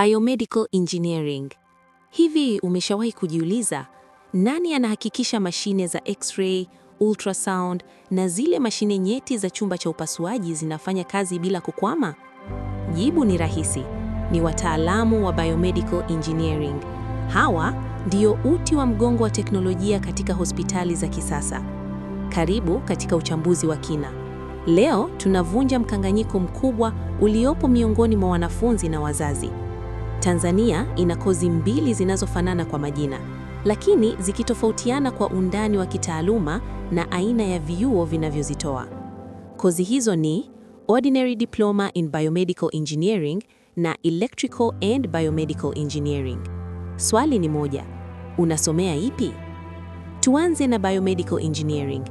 biomedical engineering. Hivi umeshawahi kujiuliza nani anahakikisha mashine za x-ray, ultrasound na zile mashine nyeti za chumba cha upasuaji zinafanya kazi bila kukwama? Jibu ni rahisi. Ni wataalamu wa biomedical engineering. Hawa ndio uti wa mgongo wa teknolojia katika hospitali za kisasa. Karibu katika uchambuzi wa kina. Leo tunavunja mkanganyiko mkubwa uliopo miongoni mwa wanafunzi na wazazi. Tanzania ina kozi mbili zinazofanana kwa majina, lakini zikitofautiana kwa undani wa kitaaluma na aina ya vyuo vinavyozitoa. Kozi hizo ni Ordinary Diploma in Biomedical Engineering na Electrical and Biomedical Engineering. Swali ni moja, unasomea ipi? Tuanze na Biomedical Engineering.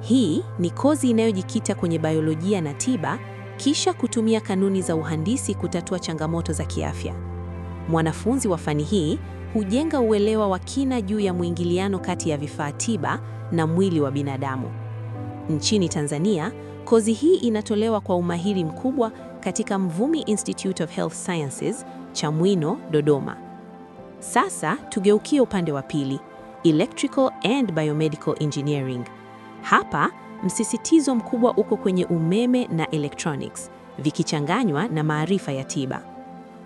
Hii ni kozi inayojikita kwenye biolojia na tiba kisha kutumia kanuni za uhandisi kutatua changamoto za kiafya. Mwanafunzi wa fani hii hujenga uelewa wa kina juu ya mwingiliano kati ya vifaa tiba na mwili wa binadamu. Nchini Tanzania, kozi hii inatolewa kwa umahiri mkubwa katika Mvumi Institute of Health Sciences, Chamwino, Dodoma. Sasa tugeukie upande wa pili, Electrical and Biomedical Engineering. Hapa msisitizo mkubwa uko kwenye umeme na electronics, vikichanganywa na maarifa ya tiba.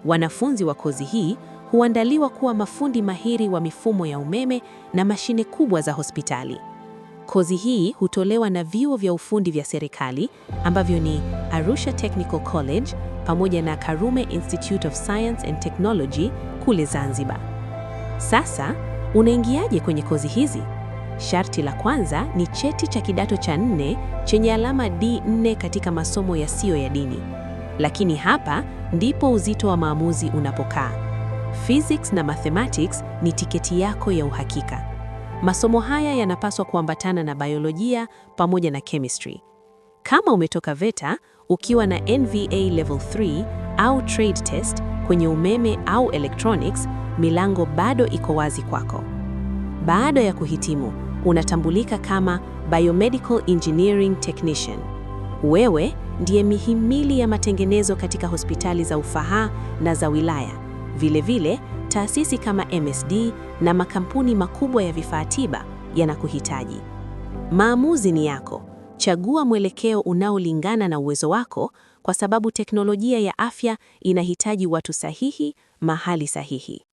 Wanafunzi wa kozi hii huandaliwa kuwa mafundi mahiri wa mifumo ya umeme na mashine kubwa za hospitali. Kozi hii hutolewa na vyuo vya ufundi vya serikali ambavyo ni Arusha Technical College pamoja na Karume Institute of Science and Technology kule Zanzibar. Sasa, unaingiaje kwenye kozi hizi? Sharti la kwanza ni cheti cha kidato cha nne chenye alama D4 katika masomo yasiyo ya dini. Lakini hapa ndipo uzito wa maamuzi unapokaa. Physics na mathematics ni tiketi yako ya uhakika. Masomo haya yanapaswa kuambatana na biolojia pamoja na chemistry. Kama umetoka VETA ukiwa na NVA level 3 au trade test kwenye umeme au electronics, milango bado iko wazi kwako. Baada ya kuhitimu, unatambulika kama biomedical engineering technician. Wewe ndiye mihimili ya matengenezo katika hospitali za ufaha na za wilaya. Vilevile vile, taasisi kama MSD na makampuni makubwa ya vifaa tiba yanakuhitaji. Maamuzi ni yako. Chagua mwelekeo unaolingana na uwezo wako, kwa sababu teknolojia ya afya inahitaji watu sahihi mahali sahihi.